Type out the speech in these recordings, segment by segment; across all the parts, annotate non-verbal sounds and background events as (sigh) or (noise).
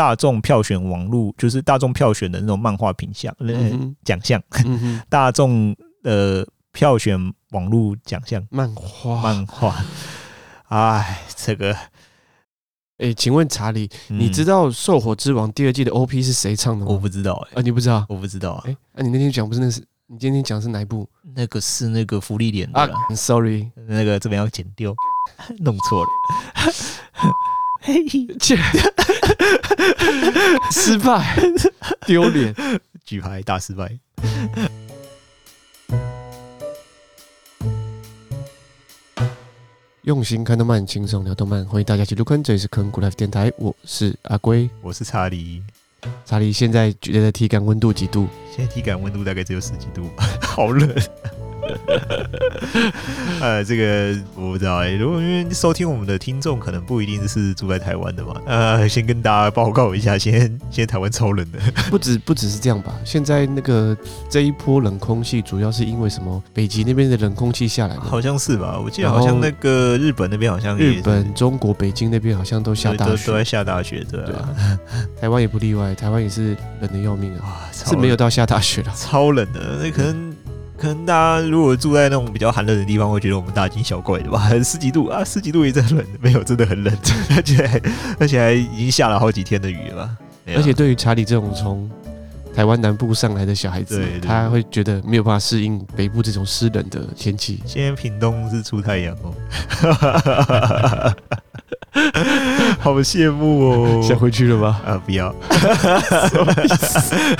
大眾票選網路，就是大眾票選的那種漫畫品項獎項，大眾的、呃、票選網路獎項漫畫漫畫，哎，這個，哎、欸，請問查理，嗯、你知道《狩火之王》第二季的 OP 是誰唱的嗎？我不知道哎、欸，啊，你不知道？我不知道啊，欸、啊，你那天講不是那是你今天講是哪一部？那個是那個芙莉蓮啊、I'm、，sorry，那個這邊要剪掉，弄錯了。 (laughs) 嘿， (laughs) 失敗，丟臉，舉牌大失敗。用心看動漫，輕鬆聊動漫，歡迎大家一起入坑。這裡是坑谷 Life 電台，我是阿龜，我是查理。查理現在覺得體感溫度幾度？現在體感溫度大概只有十幾度，好冷。 (laughs) (laughs) 呃，這個我不知道哎、欸。如果因為收聽我們的聽眾可能不一定是住在台灣的嘛，呃，先跟大家報告一下，先，現在台灣超冷的不。不止不止是這樣吧，現在那個這一波冷空氣主要是因為什麼？北極那邊的冷空氣下來，好像是吧？我記得好像那個日本那邊好像，日本、中國、北京那邊好像都下大雪，都，都在下大雪，對吧、啊啊？台灣也不例外，台灣也是冷得要命啊，啊，是沒有到下大雪了，超冷的，那可能。可能大家如果住在那種比較寒冷的地方，會覺得我們大驚小怪的吧？十幾度啊，十幾度也在冷，沒有真的很冷，而且而且還已經下了好幾天的雨了、啊。而且對於查理這種從台灣南部上來的小孩子，對對對，他會覺得沒有辦法適應北部這種濕冷的天氣。今天屏東是出太陽哦。 (laughs) (laughs) 好羨慕哦！想回去了嗎？啊，不要！ (laughs) 什麼意思？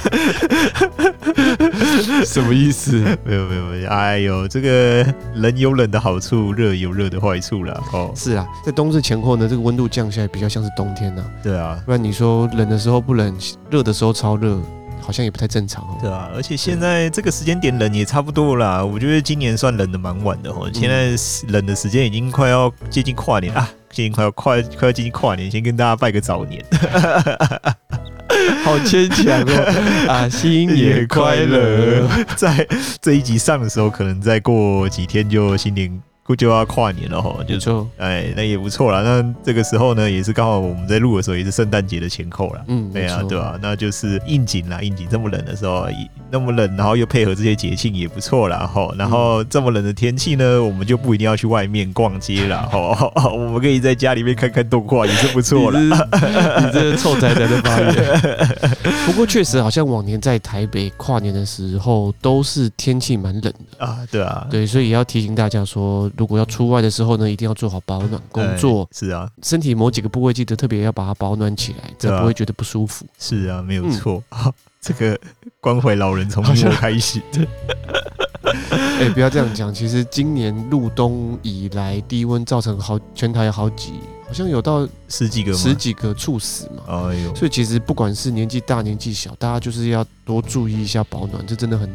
(laughs) 什麼意思？ (laughs) 什麼意思？沒有沒有沒有！哎呦，這個冷有冷的好處，熱有熱的壞處啦。哦，是啊，在冬至前後呢，這個溫度降下來，比較像是冬天呢、啊。對啊，不然你說冷的時候不冷，熱的時候超熱，好像也不太正常、哦、對啊，而且現在這個時間點冷也差不多啦。我覺得今年算冷的蠻晚的哦，現在冷的時間已經快要接近跨年了、嗯、啊。今年快要快快要進行跨年，先跟大家拜個早年， (laughs) 好牽強強、哦、 (laughs) 啊！新年快樂，在這一集上的時候，可能再過幾天就新年。就要跨年了哈，就錯，哎，那也不錯了。那這個時候呢，也是剛好我們在錄的時候，也是聖誕節的前後了。嗯，對啊，對啊，啊、那就是應景啦，應景。這麼冷的時候，那麼冷，然後又配合這些節慶，也不錯了哈。然後這麼冷的天氣呢，我們就不一定要去外面逛街了，好，我們可以在家裡面看看動畫，也是不，啦、嗯、不錯了。 (laughs) 你這是臭宅宅的發言？不過確實，好像往年在台北跨年的時候，都是天氣蠻冷的啊。對啊，對，所以也要提醒大家說。如果要出外的時候呢，一定要做好保暖工作。哎、是啊，身體某幾個部位記得特別要把它保暖起來、啊，才不會覺得不舒服。是啊，沒有錯。嗯哦。這個關懷老人從小開始。哎，不要這樣講。其實今年入冬以來，低溫造成好全台有好幾，好像有到十幾個十幾個猝死嘛。哎、哦、呦，所以其實不管是年紀大年紀小，大家就是要多注意一下保暖，這真的很。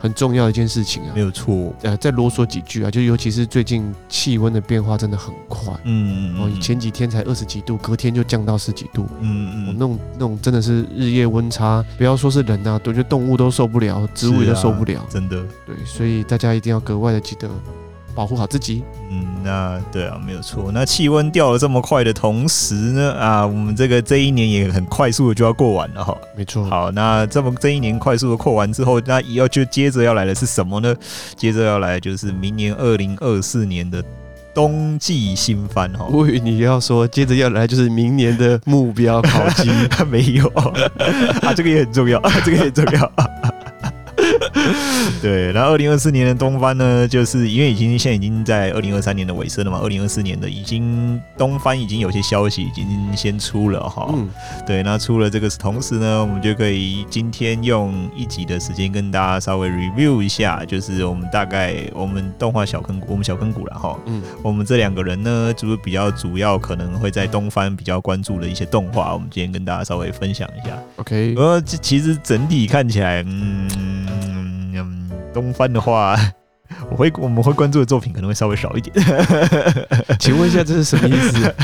很重要的一件事情啊，沒有錯。呃，再囉嗦幾句啊，就尤其是最近氣溫的變化真的很快。嗯嗯哦、嗯，前幾天才二十幾度，隔天就降到十幾度。嗯嗯，那種那種真的是日夜溫差，不要說是人啊，就動物都受不了，植物也都受不了。啊、真的。對，所以大家一定要格外的記得。保護好自己。嗯，那對啊，沒有錯。那氣溫掉了這麼快的同時呢，啊，我們這個這一年也很快速的就要過完了哈。沒錯。好，那這麼這一年快速的過完之後，那要就接着要來的是什麼呢？接着要來就是明年二零二四年的冬季新番哈。我以為你要說，接着要來就是明年的目標考級， (laughs) 沒有 (laughs) (laughs) 啊？這個也很重要，啊、這個也很重要。 (laughs) (laughs) 對，然後二零二四年的冬番呢，就是因為已經現在已經在二零二三年的尾聲了嘛，二零二四年的已經冬番已經有些消息已經先出了哈、嗯。對，那出了這個同時呢，我們就可以今天用一集的時間跟大家稍微 review 一下，就是我們大概我們動畫小坑我們小坑谷了哈。嗯。我們這兩個人呢，就是比較主要可能會在冬番比較關注的一些動畫，我們今天跟大家稍微分享一下。OK、嗯。這其實整體看起來，嗯。冬番的話，我會我們會關注的作品可能會稍微少一點。請問一下，這是什麼意思？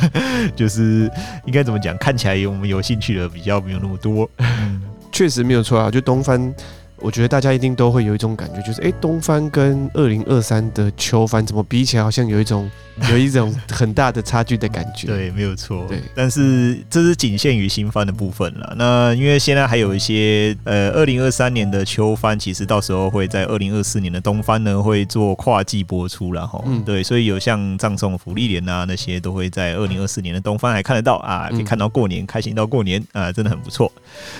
(laughs) 就是應該怎麼講？看起來我們有興趣的比較沒有那麼多，嗯，確實沒有錯啊。就冬番。我覺得大家一定都會有一種感覺，就是哎、欸，冬番跟二零二三的秋番怎麼比起來，好像有一種有一種很大的差距的感覺。 (laughs) 對，沒有錯。對，但是這是僅限於新番的部分了。那因為現在還有一些呃，二零二三年的秋番，其實到時候會在二零二四年的冬番呢會做跨季播出，然後嗯，對。所以有像葬送芙莉蓮啊那些都會在二零二四年的冬番還看得到啊，可以看到過年、嗯、開心到過年啊，真的很不錯。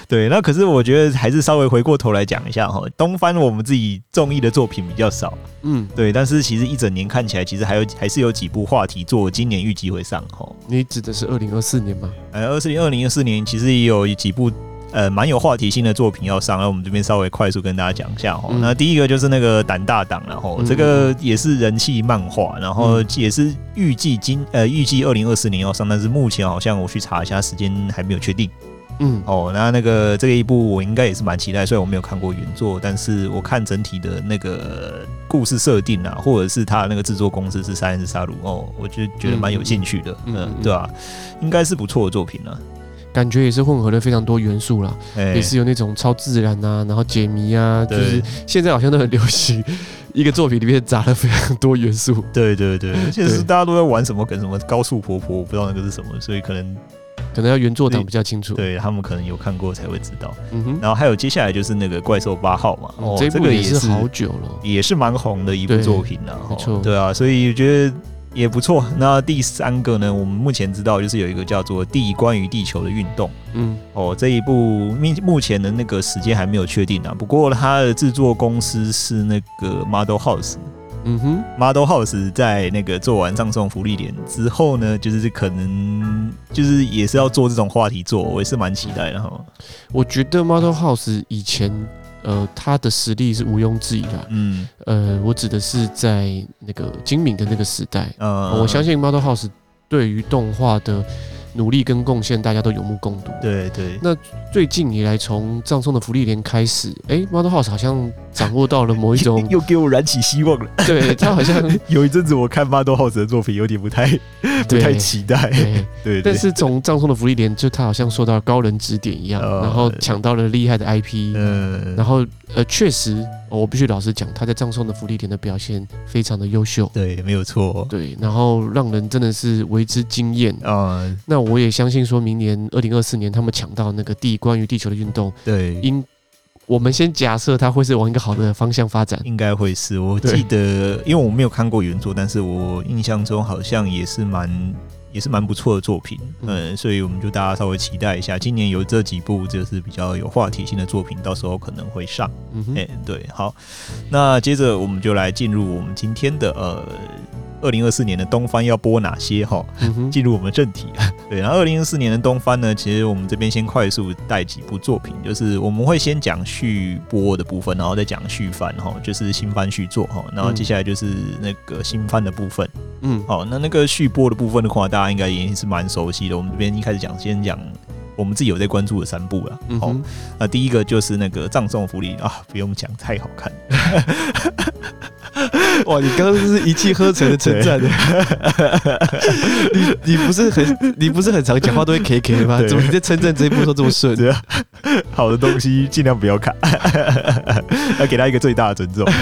對，那可是我覺得還是稍微回過頭來講。一下哈，冬番我們自己中意的作品比較少，嗯，對，但是其實一整年看起來，其實還有還是有幾部話題作今年預計會上哈、哦。你指的是二零二四年嗎？呃二四零二零二四年其實也有幾部呃蠻有話題性的作品要上，那我們這邊稍微快速跟大家講一下哈、哦嗯。那第一個就是那個《膽大黨》，然後這個也是人氣漫畫，然後也是預計今呃預計二零二四年要上，但是目前好像我去查一下時間還沒有確定。嗯哦，那那個這個一部我應該也是蠻期待，雖然我沒有看過原作，但是我看整體的那個故事設定啊，或者是他的那個制作公司是 Science SARU 哦我就覺得蠻有興趣的，嗯，嗯，對吧、啊？應該是不錯的作品啦，啊，感覺也是混合了非常多元素啦。欸、也是有那種超自然啊，然後解謎啊，就是現在好像都很流行一個作品裡面雜了非常多元素，對對對，現在是大家都在玩什麼梗，什麼高速婆婆，我不知道那個是什麼，所以可能。可能要原作者比較清楚對，對他們可能有看過才會知道、嗯。然後還有接下來就是那個怪獸八號嘛、哦嗯，這，這個也是好久了，也是蠻紅的一部作品了、啊哦，對啊，所以我覺得也不錯。那第三個呢，我們目前知道就是有一個叫做《地關於地球的運動》。嗯，哦，這一部目目前的那個時間還沒有確定啊，不過它的制作公司是那個 Model House。嗯哼，Model House 在那個做完《葬送的芙莉蓮》之後呢，就是可能就是也是要做這種話題做，我也是蠻期待的哈。我覺得 Model House 以前呃他的實力是毋庸置疑的。嗯，呃，我指的是在那個精明的那個時代，嗯嗯呃我相信 Model House 對於動畫的努力跟貢獻，大家都有目共睹。對對，對。那最近以來，從《葬送的芙莉蓮》開始，哎、欸、，Model House 好像，掌握到了某一種，又給我燃起希望了。對他好像 (laughs) 有一陣子，我看 Madhouse 的作品有點不太 (laughs) 不太期待。對，對對對對但是從葬送的芙莉蓮，就他好像受到高人指點一樣，uh, 然後搶到了厲害的 IP。嗯，然後呃，確實，我必須老實講，他在葬送的芙莉蓮的表現非常的優秀。對，沒有錯。對，然後讓人真的是為之驚豔啊！Uh, 那我也相信，說明年二零二四年他們搶到那個地關於地球的運動。對。因我們先假設它會是往一個好的方向發展，應該會是。我記得，因為我沒有看過原作，但是我印象中好像也是蠻也是蠻不錯的作品嗯，嗯，所以我們就大家稍微期待一下，今年有這幾部就是比較有話題性的作品，到時候可能會上。嗯，哎、欸，對，好，那接着我們就來進入我們今天的呃。二零二四年的冬番要播哪些哈、哦？進、嗯、入我們正題啊。對，然後二零二四年的冬番呢，其實我們這邊先快速帶幾部作品，就是我們會先講續播的部分，然後再講續番哈，就是新番續作哈。然後接下來就是那個新番的部分。嗯，好，那那個續播的部分的話，大家應該也是蠻熟悉的。我們這邊一開始講，先講。我們自己有在關注的三部了。好、嗯，那、哦呃、第一個就是那個《葬送的芙莉蓮》啊、哦，不用講，太好看。 (laughs) 哇，你剛剛是一氣呵成的稱讚， (laughs) 你你不是很你不是很常講話都會 K K 嗎？怎麼你在稱讚這一部說這麼順？好的東西儘量不要卡， (laughs) 要給他一個最大的尊重。 (laughs)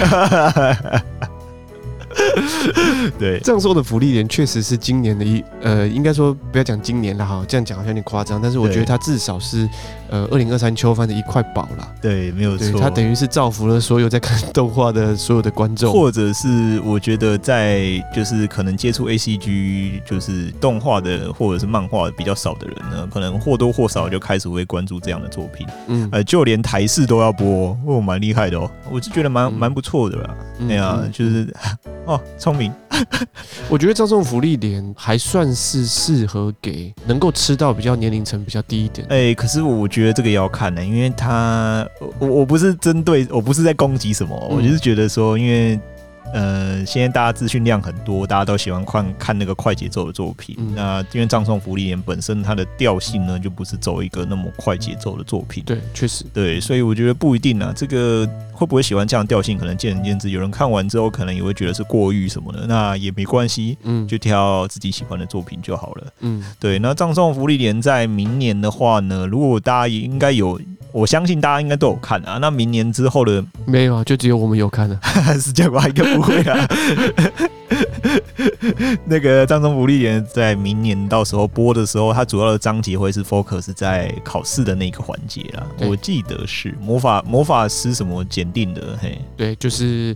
對， (laughs) 這樣說的芙莉蓮確實是今年的一，呃，應該說不要講今年了哈，這樣講好像有點誇張，但是我覺得它至少是，呃，二零二三秋番的一塊寶啦。對，沒有錯，它等於是造福了所有在看動畫的所有的觀眾，或者是我覺得在就是可能接觸 A C G 就是動畫的或者是漫畫比較少的人呢，可能或多或少就開始會關注這樣的作品。嗯，呃，就連台視都要播，哦，蠻厲害的哦，我是覺得蠻蠻、嗯、不錯的啦嗯嗯。對啊，就是哦。聰明，我覺得這種福利點還算是適合給能夠吃到比較年齡層比較低一點。哎、欸，可是我覺得這個也要看呢、欸，因為他我我不是針對，我不是在攻擊什麼、嗯，我就是覺得說，因為。呃，現在大家資訊量很多，大家都喜歡看看那個快節奏的作品、嗯。那因為葬送芙莉蓮本身它的調性呢，就不是走一個那麼快節奏的作品。對，確實。對，所以我覺得不一定啊，這個會不會喜歡這樣調性，可能見仁見智。有人看完之後，可能也會覺得是過譽什麼的，那也沒關係，嗯，就挑自己喜歡的作品就好了。嗯，嗯對。那葬送芙莉蓮在明年的話呢，如果大家也應該有，我相信大家應該都有看啊。那明年之後的，沒有啊，就只有我們有看了哈，是另外一個。 (laughs) (laughs) 會 (laughs) 啊，那個葬送的芙莉蓮在明年到時候播的時候，他主要的章節會是 focus 在考試的那個環節啊。我記得是魔法魔法師什麼檢定的，嘿，對，就是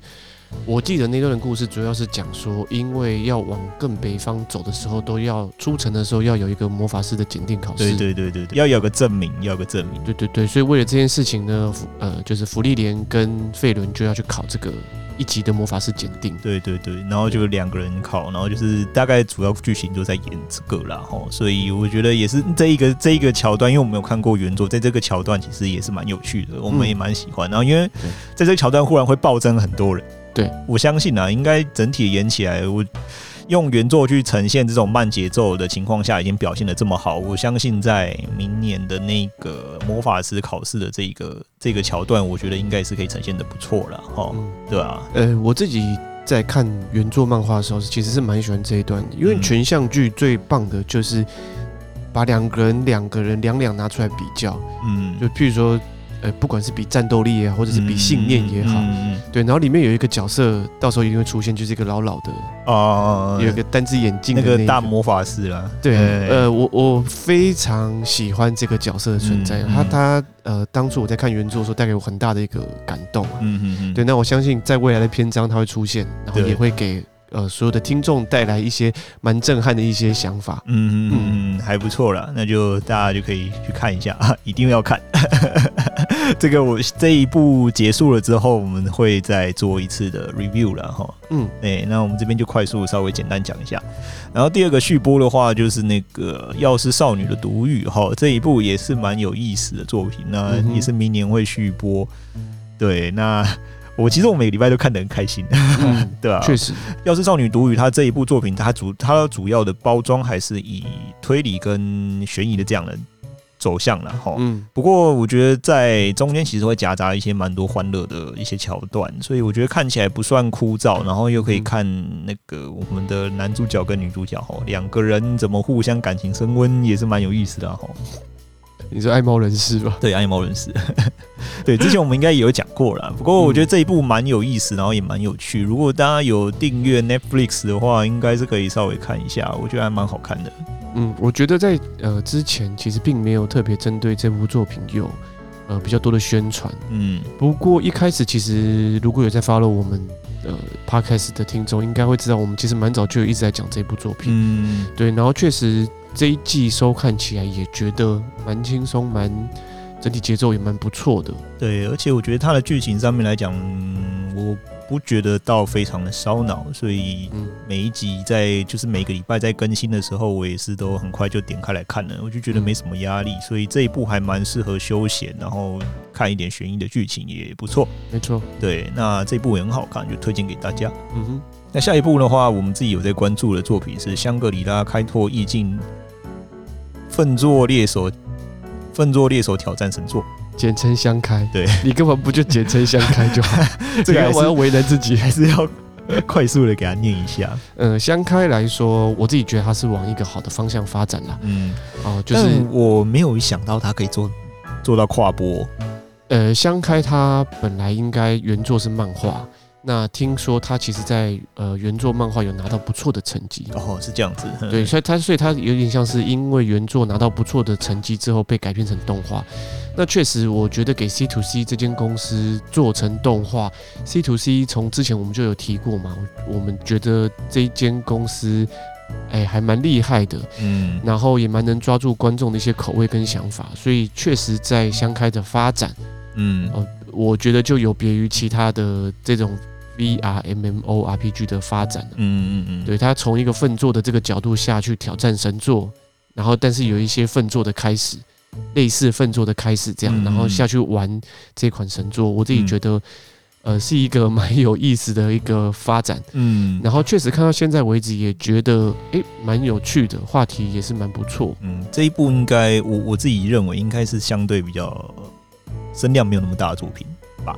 我記得那段的故事主要是講說，因為要往更北方走的時候，都要出城的時候要有一個魔法師的檢定考試，對對對對，對要有個證明，要有個證明，對對對，所以為了這件事情呢，福呃，就是芙莉蓮跟費倫就要去考這個。一級的魔法師檢定，對對對，然後就兩個人考，然後就是大概主要劇情都在演這個啦。哈，所以我覺得也是這一個這一個橋段，因為我沒有看過原作，在這個橋段其實也是蠻有趣的，我們也蠻喜歡。然後因為在這個橋段忽然會暴增很多人，對，我相信啊，應該整體演起來我。用原作去呈現這種慢節奏的情況下，已經表現得這麼好，我相信在明年的那個魔法師考試的這個這個橋段，我覺得應該是可以呈現得不錯了，哈，對啊，呃，我自己在看原作漫畫的時候，其實是蠻喜歡這一段的，因為群像劇最棒的就是把兩個人、兩個人，嗯、兩兩拿出來比較，嗯，就譬如說。呃，不管是比戰鬥力也好，或者是比信念也好，嗯嗯嗯，對。然後裡面有一個角色，到時候一定會出現，就是一個老老的哦，呃，有一個單隻眼睛那，那個大魔法師了。對，欸，呃，我我非常喜歡這個角色的存在，嗯，他他呃，當初我在看原作的時候，帶給我很大的一個感動。嗯，嗯，嗯，對，那我相信在未來的篇章，他會出現，然後也會給。呃，所有的聽眾帶來一些蠻震撼的一些想法，嗯嗯嗯，還不錯啦，那就大家就可以去看一下，啊，一定要看。 (laughs) 這個我這一部結束了之後，我們會再做一次的 review 了哈。嗯，哎，那我們這邊就快速稍微簡單講一下。然後第二個續播的話，就是那個藥師少女的獨語。哈，這一部也是蠻有意思的作品，啊，那、嗯、也是明年會續播。嗯、對，那。我其實我每個禮拜都看得很開心，嗯， (laughs) 對吧？確實，要是《少女獨語》它這一部作品，它主它主要的包裝還是以推理跟懸疑的這樣的走向了哈。不過我覺得在中間其實會夾雜一些蠻多歡樂的一些橋段，所以我覺得看起來不算枯燥，然後又可以看那個我們的男主角跟女主角哈，兩個人怎麼互相感情升溫，也是蠻有意思的哈。你是愛貓人士吧？對，愛貓人士。 (laughs) 對，之前我們應該也有講過了。 (laughs) 不過我覺得這一部蠻有意思，然後也蠻有趣，嗯。如果大家有訂閱 Netflix 的話，應該是可以稍微看一下，我覺得還蠻好看的。嗯，我覺得在呃之前其實並沒有特別針對這部作品有呃比較多的宣傳。嗯，不過一開始其實如果有在 follow 我們的，呃、Podcast 的聽眾，應該會知道我們其實蠻早就有一直在講這部作品。嗯，對，然後確實。這一季收看起來也覺得蠻輕鬆，蠻整體節奏也蠻不錯的。對，而且我覺得它的劇情上面來講，我不覺得到非常的燒腦，所以每一集在、嗯、就是每個禮拜在更新的時候，我也是都很快就點開來看了，我就覺得沒什麼壓力、嗯，所以這一部還蠻適合休閒，然後看一點懸疑的劇情也不錯。沒錯，對，那這一部也很好看，就推薦給大家。嗯哼，那下一部的話，我們自己有在關注的作品是《香格里拉開拓異境》。糞作獵手，糞作獵手挑戰神作，簡稱香開。對，你根本不就簡稱香開就好， (laughs) 這個還我要為難自己，還是要快速的給他念一下。呃、嗯，香開來說，我自己覺得它是往一個好的方向發展了。嗯，哦、呃，就是我沒有想到它可以做做到跨播。呃，香開它本來應該原作是漫畫。嗯那聽說他其實在，在呃原作漫畫有拿到不錯的成績哦，是這樣子呵呵，對，所以他，所以他有點像是因為原作拿到不錯的成績之後被改編成動畫。那確實，我覺得給 C 2 C 這間公司做成動畫，C 2 C 從之前我們就有提過嘛，我們覺得這一間公司，哎、欸，還蠻厲害的，嗯，然後也蠻能抓住觀眾的一些口味跟想法，所以確實在相開的發展，嗯，呃，我覺得就有別於其他的這種。VRMMORPG 的發展、啊，嗯嗯嗯對，他從一個糞作的這個角度下去挑戰神作，然後但是有一些糞作的開始，類似糞作的開始這樣，嗯嗯然後下去玩這款神作，我自己覺得，嗯、呃，是一個蠻有意思的一個發展，嗯，嗯，然後確實看到現在為止也覺得，蠻、欸、有趣的，話題也是蠻不錯，嗯，這一部應該我我自己認為應該是相對比較聲量沒有那麼大的作品。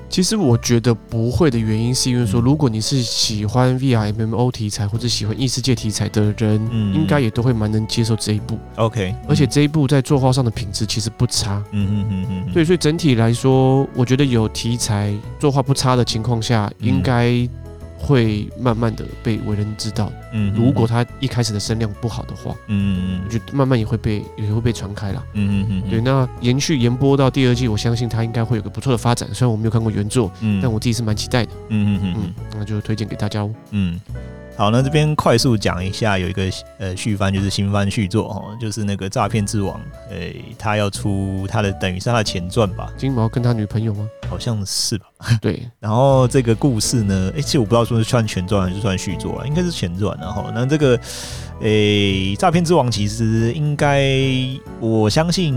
其實我覺得不會的原因，是因為說，如果你是喜歡 VRMMO 題材或者喜歡異世界題材的人，應該也都會蠻能接受這一部。OK，而且這一部在作畫上的品質其實不差。嗯嗯嗯嗯，對，所以整體來說，我覺得有題材、作畫不差的情況下，應該。會慢慢的被為人知道，嗯，如果他一開始的聲量不好的話，嗯嗯，就慢慢也會被也會被傳開了，嗯嗯嗯，對，那延續延播到第二季，我相信他應該會有個不錯的發展，雖然我沒有看過原作，嗯，但我自己是蠻期待的，嗯嗯嗯，那就推薦給大家哦，嗯。好，那這邊快速講一下，有一個呃續番，就是新番續作哦，就是那個《詐騙之王》誒、欸，他要出他的等於是他的前傳吧？金毛跟他女朋友嗎？好像是吧。對， (laughs) 然後這個故事呢，誒、欸，其實我不知道說是，是算前傳還是算續作啊，應該是前傳，然後那這個。誒，詐騙之王其實應該，我相信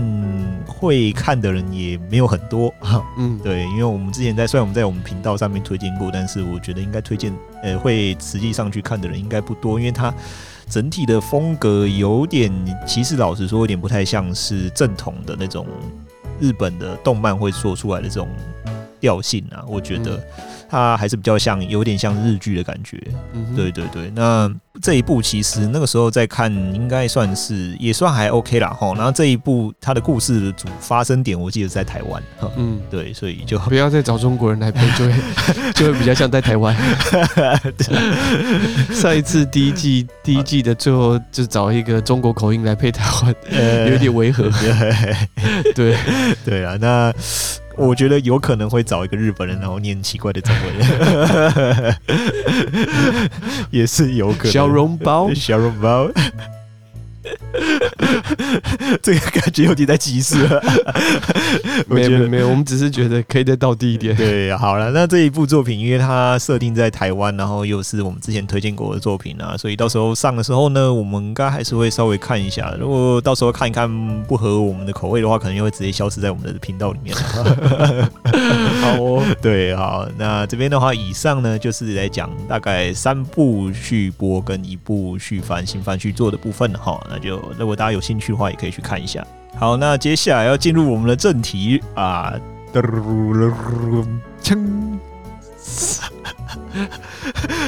會看的人也沒有很多。嗯，對，因為我們之前在雖然我們在我們頻道上面推薦過，但是我覺得應該推薦，呃，會實際上去看的人應該不多，因為它整體的風格有點，其實老實說有點不太像是正統的那種日本的動漫會做出來的這種調性啊，我覺得。它還是比較像，有點像日劇的感覺。嗯，對對對。那這一部其實那個時候在看，應該算是也算還 OK 啦吼。然後這一部它的故事的主發生點，我記得是在台灣。嗯，對，所以就不要再找中國人來配對， (laughs) 就會比較像在台灣。 (laughs) 上一次第一季第一季的最後就找一個中國口音來配台灣，呃，有點違和。對對啊，那。我覺得有可能會找一個日本人，然後念奇怪的中文，也是有可能。小籠包，小籠包。 (laughs) (laughs) 這個感覺有點在歧視， (laughs) (laughs) 沒有沒有，我們只是覺得可以再到低一點。對，好了，那這一部作品，因為它設定在台灣，然後又是我們之前推薦過的作品啊，所以到時候上的時候呢，我們應該還是會稍微看一下。如果到時候看一看不合我們的口味的話，可能又會直接消失在我們的頻道裡面 (laughs) 好哦， (laughs) 對，好，那這邊的話，以上呢就是來講大概三部續播跟一部續番新番續作的部分哈、喔。就如果大家有興趣的話，也可以去看一下。好，那接下來要進入我們的正題啊！ (noise) (noise) (noise) (noise)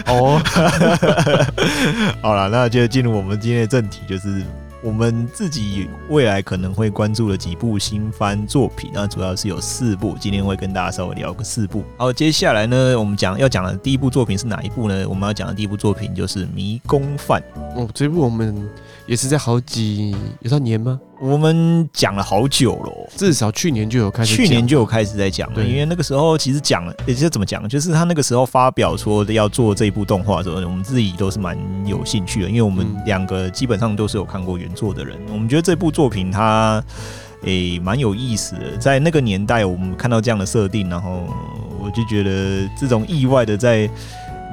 哦，他 (laughs) (noise) 好啦，那就進入我們今天的正題，就是，我們自己未來可能會關注的幾部新番作品，那主要是有四部，今天會跟大家稍微聊個四部。好，接下來呢，我們講要講的第一部作品是哪一部呢？我們要講的第一部作品就是《迷宮飯》。哦，這部我們也是在好幾有好年嗎？我們講了好久了、哦，至少去年就有開始講。去年就有開始在講。對，因為那個時候其實講了，也是怎麼講，就是他那個時候發表說的要做這一部動畫的時候，我們自己都是蠻有興趣的，因為我們兩個基本上都是有看過原作的人，嗯、我們覺得這部作品它誒蠻、欸、有意思的，在那個年代我們看到這樣的設定，然後我就覺得這種意外的在。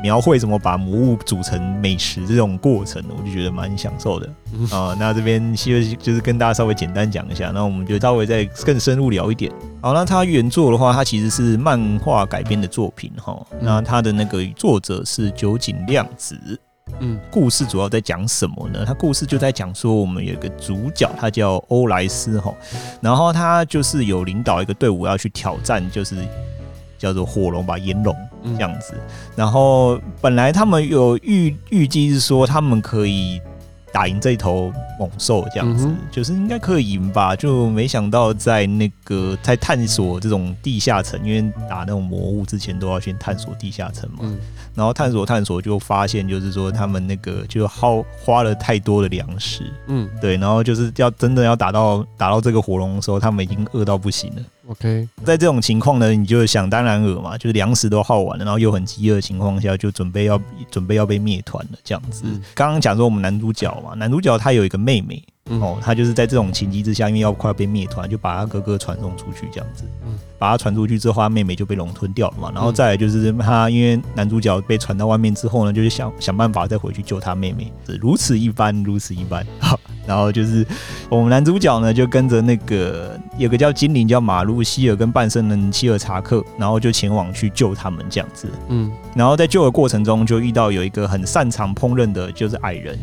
描繪怎麼把魔物煮成美食這種過程，我就覺得蠻享受的啊、嗯呃。那這邊先就是跟大家稍微簡單講一下，那我們就稍微再更深入聊一點。好，那他原作的話，他其實是漫畫改編的作品哈、哦嗯。那他的那個作者是九井諒子，嗯，故事主要在講什麼呢？他故事就在講說，我們有一個主角，他叫歐萊斯哈、哦，然後他就是有領導一個隊伍要去挑戰，就是叫做火龍吧炎龍。這樣子，然後本來他們有預預計是說他們可以打贏這頭猛獸，這樣子、嗯、就是應該可以贏吧？就沒想到在那個在探索這種地下城，因為打那種魔物之前都要先探索地下城嘛、嗯。然後探索探索就發現，就是說他們那個就耗花了太多的糧食，嗯，對。然後就是要真的要打到打到這個火龍的時候，他們已經餓到不行了。OK，在這種情況呢，你就想當然耳嘛，就是糧食都耗完了，然後又很飢餓的情況下，就準備要準備要被滅團了，這樣子。剛剛講說我們男主角嘛，男主角他有一個妹妹。哦，他就是在這種情急之下，因為要快要被滅團，就把他哥哥傳送出去這樣子。嗯，把他傳出去之後，他妹妹就被龍吞掉了嘛。然後再來就是他，因為男主角被傳到外面之後呢，就是想想辦法再回去救他妹妹。是如此一般，如此一般。然後就是我們男主角呢，就跟着那個有個叫精靈叫馬路希爾跟半身人希爾查克，然後就前往去救他們這樣子。嗯，然後在救的過程中就遇到有一個很擅長烹飪的，就是矮人，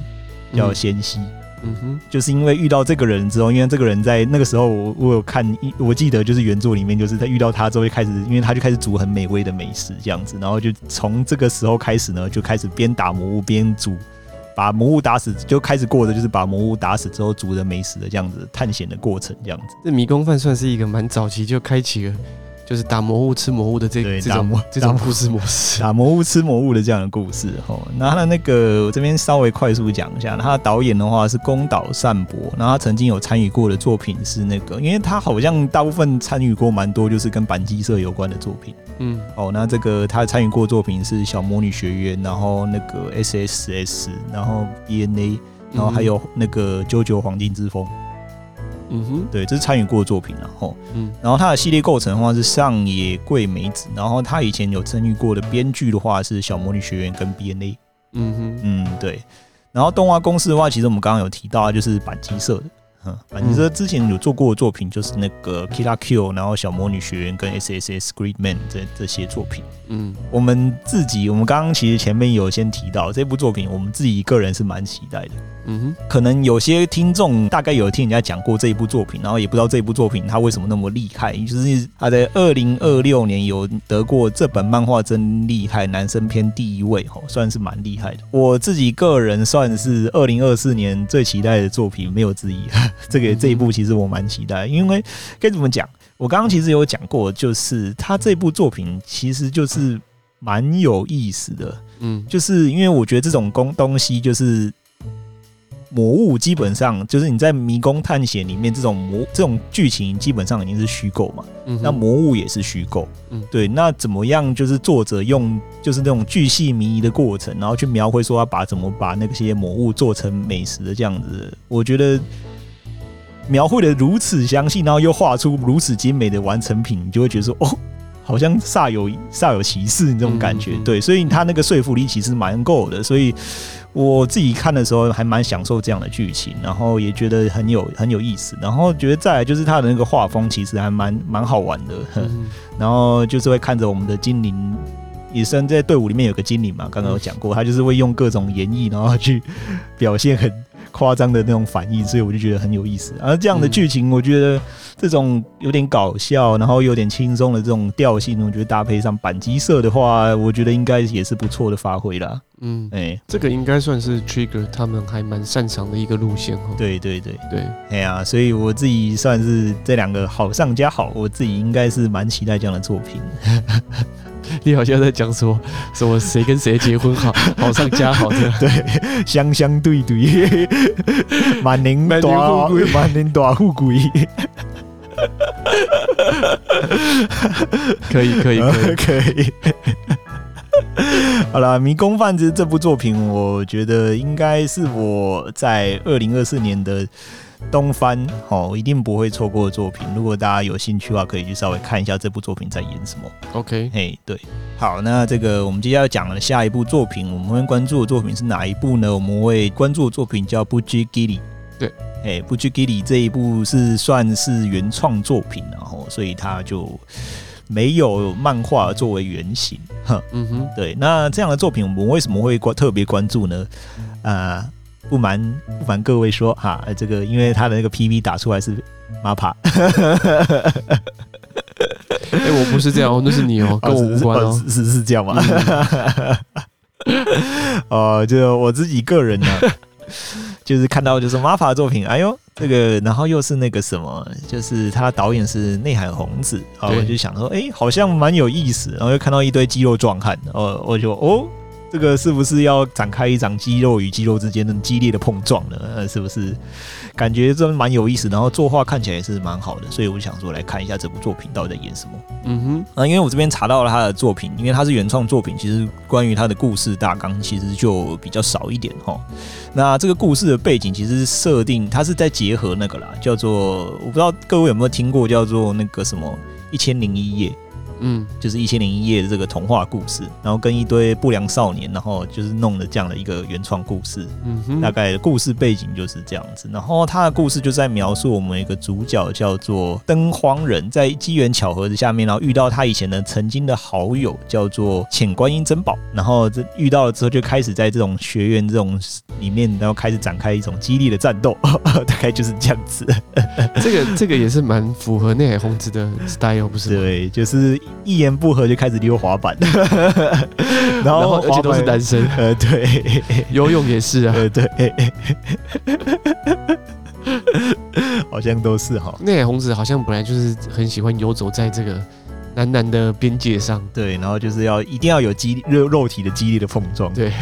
叫仙西。嗯哼，就是因為遇到這個人之後，因為這個人在那個時候我，我我有看，一我記得就是原著裡面，就是在遇到他之後，就開始因為他就開始煮很美味的美食這樣子，然後就從這個時候開始呢，就開始邊打魔物邊煮，把魔物打死，就開始過着就是把魔物打死之後煮的美食的這樣子探險的過程這樣子。這迷宮飯算是一個蠻早期就開啟了。就是打魔物吃魔物的這這種這種故事模式，打魔物吃魔物的這樣的故事。故事哦，那他的那個我這邊稍微快速講一下，他的導演的話是宮島善博，然後他曾經有參與過的作品是那個，因為他好像大部分參與過蠻多，就是跟板機社有關的作品。嗯，哦，那這個他參與過的作品是《小魔女學院》，然後那個 S S S，然後 B N A，然後還有那個《JoJo 黃金之風》嗯。嗯嗯哼，對，這是參與過的作品了哦。嗯，然後它的系列構成的話是上野桂美子，然後他以前有參與過的編劇的話是小魔女學園跟 BNA。嗯哼，嗯，對。然後動畫公司的話，其實我們剛剛有提到，就是板機社的。嗯，板機社之前有做過的作品，就是那個 Kill la Kill，然後小魔女學園跟 SSSS Gridman 這這些作品。嗯，我們自己，我們剛剛其實前面有先提到這部作品，我們自己一個人是蠻期待的。嗯、可能有些聽眾大概有聽人家講過這一部作品，然後也不知道這部作品它為什麼那麼厲害，就是他在二零二六年有得過這本漫畫真厲害男生篇第一位，哦，算是蠻厲害的。我自己個人算是二零二四年最期待的作品，沒有之一。這個、嗯、這一部其實我蠻期待，因為該怎麼講？我剛剛其實有講過，就是他這部作品其實就是蠻有意思的。嗯，就是因為我覺得這種工東西就是。魔物基本上就是你在迷宮探險裡面這種魔這種劇情基本上已經是虛構嘛，那、嗯、魔物也是虛構、嗯，對。那怎麼樣就是作者用就是那種巨細靡遺的過程，然後去描繪說要把怎麼把那些魔物做成美食的這樣子，我覺得描繪得如此詳細，然後又畫出如此精美的完成品，你就會覺得說哦。好像煞有煞有其事，那種感覺，嗯嗯嗯，對，所以他那個說服力其實蠻夠的，所以我自己看的時候還蠻享受這樣的劇情，然後也覺得很有很有意思，然後覺得再來就是他的那個畫風其實還蠻蠻好玩的，嗯嗯，然後就是會看着我們的精靈，野生在隊伍裡面有個精靈嘛，剛剛有講過，他就是會用各種演繹，然後去表現很。誇張的那種反應，所以我就覺得很有意思啊。這樣的劇情，我覺得這種有點搞笑，嗯、然後有點輕鬆的這種調性，我覺得搭配上扳機社的話，我覺得應該也是不錯的發揮啦。嗯，哎、欸，這個應該算是 Trigger 他們還蠻擅長的一個路線哦，對對對對，哎呀、啊，所以我自己算是這兩個好上加好，我自己應該是蠻期待這樣的作品。 (laughs) 你好像在講說什麼誰跟誰結婚好，好上加好的，對，相相對對，滿林滿林大富貴，滿林大富貴。可以可以可以可以。 (laughs) 可以 (laughs) 好了，《迷宮飯》這部作品，我覺得應該是我在二零二四年的冬番，哦，一定不會錯過的作品。如果大家有興趣的話，可以去稍微看一下這部作品在演什麼。OK，哎、hey，對，好，那這個我們接下來要講的下一部作品，我們會關注的作品是哪一部呢？我們會關注的作品叫《布吉吉裡》。對，哎，《布吉吉裡》這一部是算是原創作品、啊，然後所以他就。沒有漫畫作為原型，嗯哼，對，那這樣的作品我們為什麼會關特別關注呢？啊、呃，不瞞不瞞各位說哈，這個因為他的那個 PV 打出來是馬帕，哎、 (laughs) 欸，我不是這樣、哦，那是你哦，跟我無關、哦。哦是，是，哦、是，是是這樣嗎，嗯、 (laughs) 哦，就我自己個人呢、啊。 (laughs) 就是看到就是 MAPPA 作品，哎呦，那、這個，然後又是那個什麼，就是他的導演是內海紘子，然後我就想說，哎、欸，好像蠻有意思，然後又看到一堆肌肉壯漢，哦，我就說哦，這個是不是要展開一場肌肉與肌肉之間的激烈的碰撞呢？呃，是不是？感覺真蠻有意思，然後作畫看起來也是蠻好的，所以我想說來看一下這部作品到底在演什麼。嗯哼，啊，因為我這邊查到了他的作品，因為他是原創作品，其實關於他的故事大綱其實就比較少一點哈。那這個故事的背景其實是設定，他是在結合那個啦，叫做我不知道各位有沒有聽過，叫做那個什麼《一千零一夜》。嗯，就是一千零一夜的這個童話故事，然後跟一堆不良少年，然後就是弄的這樣的一個原創故事。嗯哼，大概故事背景就是這樣子。然後他的故事就是在描述我們一個主角叫做燈荒人，在機緣巧合之下面，然後遇到他以前的曾經的好友叫做淺觀音珍寶。然後這遇到了之後，就開始在這種學院這種裡面，然後開始展開一種激烈的戰鬥。大概就是這樣子。這個這個也是蠻符合內海紘子的 style，不是？對，就是。一言不合就開始溜滑板， (laughs) 然後滑板，然後而且都是男生，呃，對， (laughs) 游泳也是啊，呃、對，欸、 (laughs) (laughs) 好像都是哈。那個、紅子好像本來就是很喜歡遊走在這個男男的邊界上，對，然後就是要一定要有激，肉體的激烈的碰撞，對。 (laughs)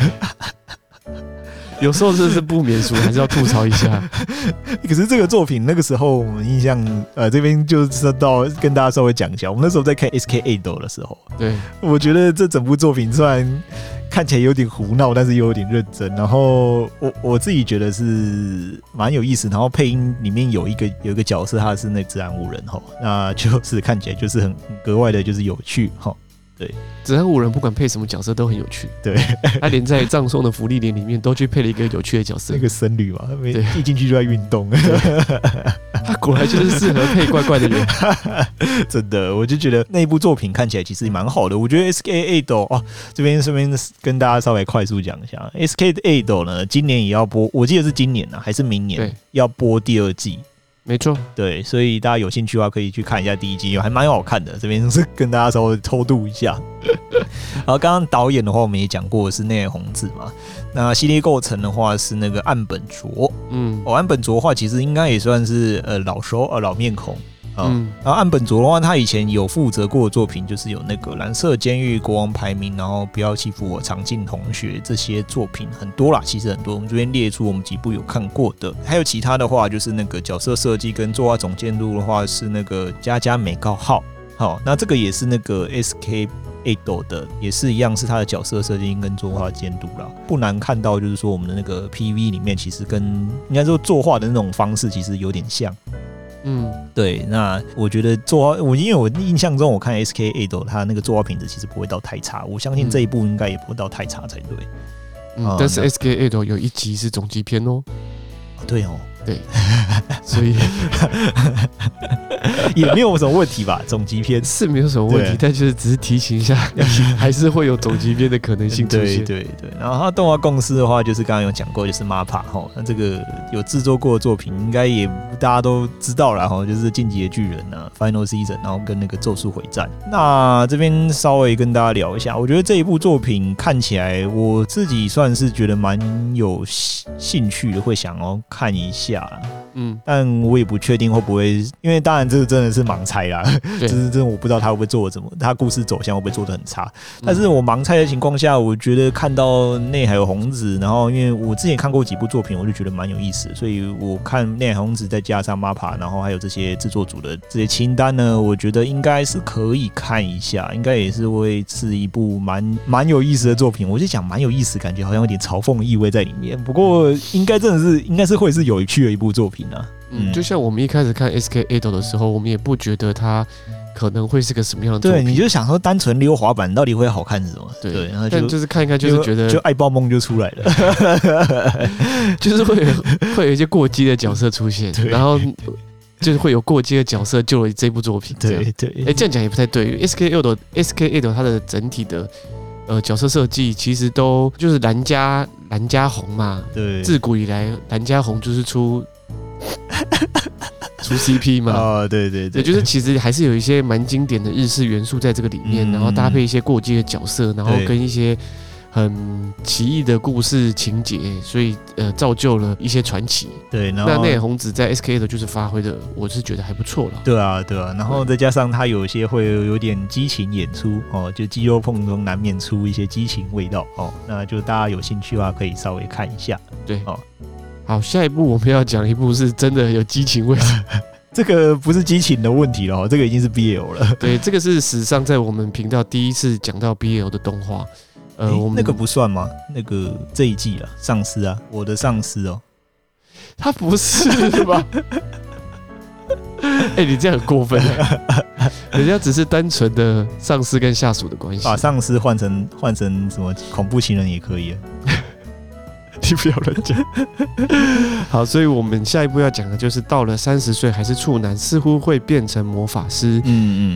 (laughs) 有時候是不免俗，還是要吐槽一下。 (laughs) 可是這個作品那個時候我們印象，呃，這邊就是到跟大家稍微講一下，我們那時候在看《SK8》的時候，對，我覺得這整部作品雖然看起來有點胡鬧，但是又有點認真。然後我我自己覺得是蠻有意思。然後配音裡面有一個有一個角色，他是那自然無人吼，那就是看起來就是很格外的，就是有趣吼。對，子安武人不管配什麼角色都很有趣。對，他連在葬送的芙莉蓮裡面都去配了一個有趣的角色， (laughs) 一個僧侶嘛。對，一進去就在運動， (laughs) 對笑他果然就是適合配怪怪的人。 (laughs) 真的，我就覺得那部作品看起來其實也蠻好的。我覺得 SK8 哦，這邊順便跟大家稍微快速講一下，SK8 呢，今年也要播，我記得是今年呢、啊，還是明年對，要播第二季。沒錯，對，所以大家有興趣的話，可以去看一下第一集，還蠻好看的。這邊是跟大家稍微偷渡一下。然後剛剛導演的話，我們也講過的是內紅字嘛。那系列構成的話是那個岸本卓，嗯，哦，岸本卓的話其實應該也算是呃老熟呃老面孔。嗯，然後岸本卓的話，他以前有負責過的作品，就是有那個《藍色監獄》《國王排名，》，然後《不要欺負我長瀞同學》這些作品很多啦，其實很多。我們這邊列出我們幾部有看過的，還有其他的話，就是那個角色設計跟作畫總監督的話是那個加加美高浩。好，那這個也是那個 SK8 的，也是一樣是他的角色設計跟作畫監督啦。不難看到，就是說我們的那個 P V 裡面，其實跟應該說作畫的那種方式其實有點像。嗯，對，那我覺得作我因為我印象中我看 SK8 的，它，他那個作畫品質其實不會到太差，我相信這一部應該也不會到太差才對。嗯、但是 SK8 的有一集是總集篇哦，對、嗯、哦。對，所以也沒有什麼問題吧？ (laughs) 總集篇是沒有什麼問題，但就是只是提醒一下，還是會有總集篇的可能性，對對對，然後他動畫公司的話，就是剛剛有講過，就是 MAPA 哈。那這個有制作過的作品，應該也大家都知道了哈，就是《進擊的巨人》啊，《Final Season》，然後跟那個《咒術回戰》。那這邊稍微跟大家聊一下，我覺得這一部作品看起來，我自己算是覺得蠻有興興趣的，會想要看一下。啊，嗯，但我也不確定會不會，因為當然這個真的是盲猜啦， (laughs) 就是這我不知道他會不會做什麼，他故事走向會不會做的很差，但是我盲猜的情況下，我覺得看到內海紅子，然後因為我之前看過幾部作品，我就覺得蠻有意思，所以我看內海紅子再加上 MAPPA，然後還有這些制作組的這些清單呢，我覺得應該是可以看一下，應該也是會是一部蠻蠻有意思的作品，我就想蠻有意思，感覺好像有點嘲諷意味在裡面，不過應該真的是應該是會是有一。有一部作品呢、啊，嗯？嗯，就像我們一開始看《SK8》的時候，我們也不覺得他可能會是個什麼樣的作品，對，你就想說單純溜滑板到底會好看是嗎？對，對但就是看一看，就是覺得就愛爆夢就出來了， (laughs) (laughs) 就是會有會有一些過激的角色出現，然後就是會有過激的角色救了這部作品，對對，哎，欸，這樣講也不太對，《SK8》《SK8》它的整體的。呃，角色設計其實都就是藍加藍加紅嘛，對，自古以來藍加紅就是出 (laughs) 出 CP 嘛，哦，對對對，也就是其實還是有一些蠻經典的日式元素在這個裡面，嗯、然後搭配一些過激的角色，然後跟一些。很奇異的故事情節，所以呃，造就了一些傳奇。對，然後那內紅子在 S K 的就是發揮的，我是覺得還不錯了。對啊，對啊，然後再加上他有些會有點激情演出哦，就肌肉碰撞難免出一些激情味道哦。那就大家有興趣的話，可以稍微看一下。對哦，好，下一部我們要講一部是真的有激情味道， (laughs) 這個不是激情的問題哦，這個已經是 B L 了。對，這個是史上在我們頻道第一次講到 B L 的動畫。呃、欸我們，那個不算嗎？那個這一季啊，上司啊，我的上司哦，喔，他不是吧？哎 (laughs) 欸，你這樣很過分，啊， (laughs) 人家只是單純的上司跟下屬的關係。把，啊，上司換成換成什麼恐怖情人也可以啊。 (laughs) 你不要亂講。 (laughs) 好，所以我們下一步要講的就是到了三十歲還是處男，似乎會變成魔法師。嗯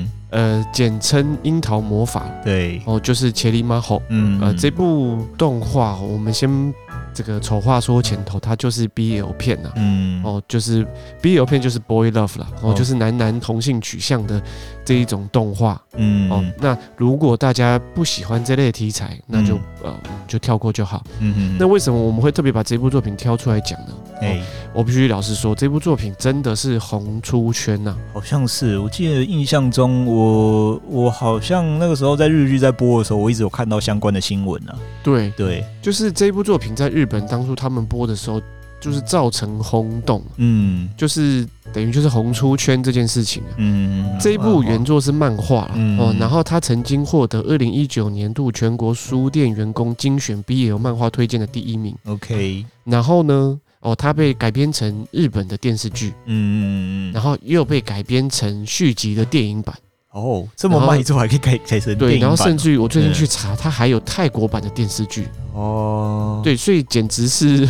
嗯。呃，簡稱櫻桃魔法，對，哦，就是《切里馬後》，嗯，呃，這部動畫我們先。這個醜話說前頭，它就是 BL 片吶、啊，嗯，哦，就是 BL 片就是 boy love 啦。哦，就是男男同性取向的這一種動畫，嗯，哦，那如果大家不喜歡這類題材，嗯、那就呃就跳過就好，嗯哼。那為什麼我們會特別把這部作品挑出來講呢？哎、欸，我必須老實說，這部作品真的是紅出圈吶、啊，好像是，我記得印象中我，我我好像那個時候在日劇在播的時候，我一直有看到相關的新聞啊，對對。就是這部作品在日本當初他們播的時候，就是造成轟動，嗯，就是等於就是紅出圈這件事情嗯、啊，這一部原作是漫畫，嗯，然後他曾經獲得二零一九年度全國書店員工精選 BL 漫畫推薦的第一名，OK，然後呢，哦，他被改編成日本的電視劇，嗯嗯，然後又被改編成續集的電影版。哦，這麼慢，你做還可以改成對，然後甚至於我最近去查，它還有泰國版的電視劇哦，對，所以簡直是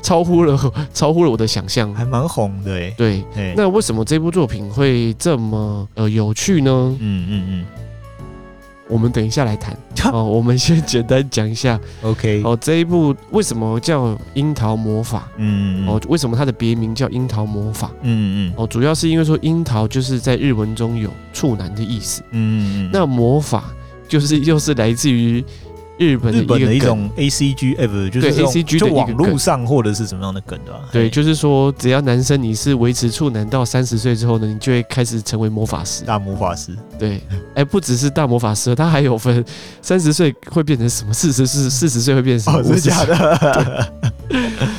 超乎了，超乎了我的想象，還蠻紅的哎、欸，對，那為什麼這部作品會這麼呃有趣呢？嗯嗯嗯。嗯我們等一下來談 (laughs) 哦。我們先簡單講一下 (laughs) ，OK。哦，這一部為什麼叫《櫻桃魔法》？嗯，嗯，哦、嗯，為什麼它的別名叫《櫻桃魔法》？嗯嗯，嗯，哦，主要是因為說櫻桃就是在日文中有處男的意思，嗯，嗯嗯，那魔法就是又是來自於。日本的日本的一種 A C G ever 就是 A C G 就網路上或者是什麼樣的梗對、啊、對，對就是說只要男生你是維持處男到三十歲之後呢，你就會開始成為魔法師大魔法師。對，哎、欸，不只是大魔法師，他還有分三十歲會變成什麼？四十四四十歲會變成什麼？哦，是假的。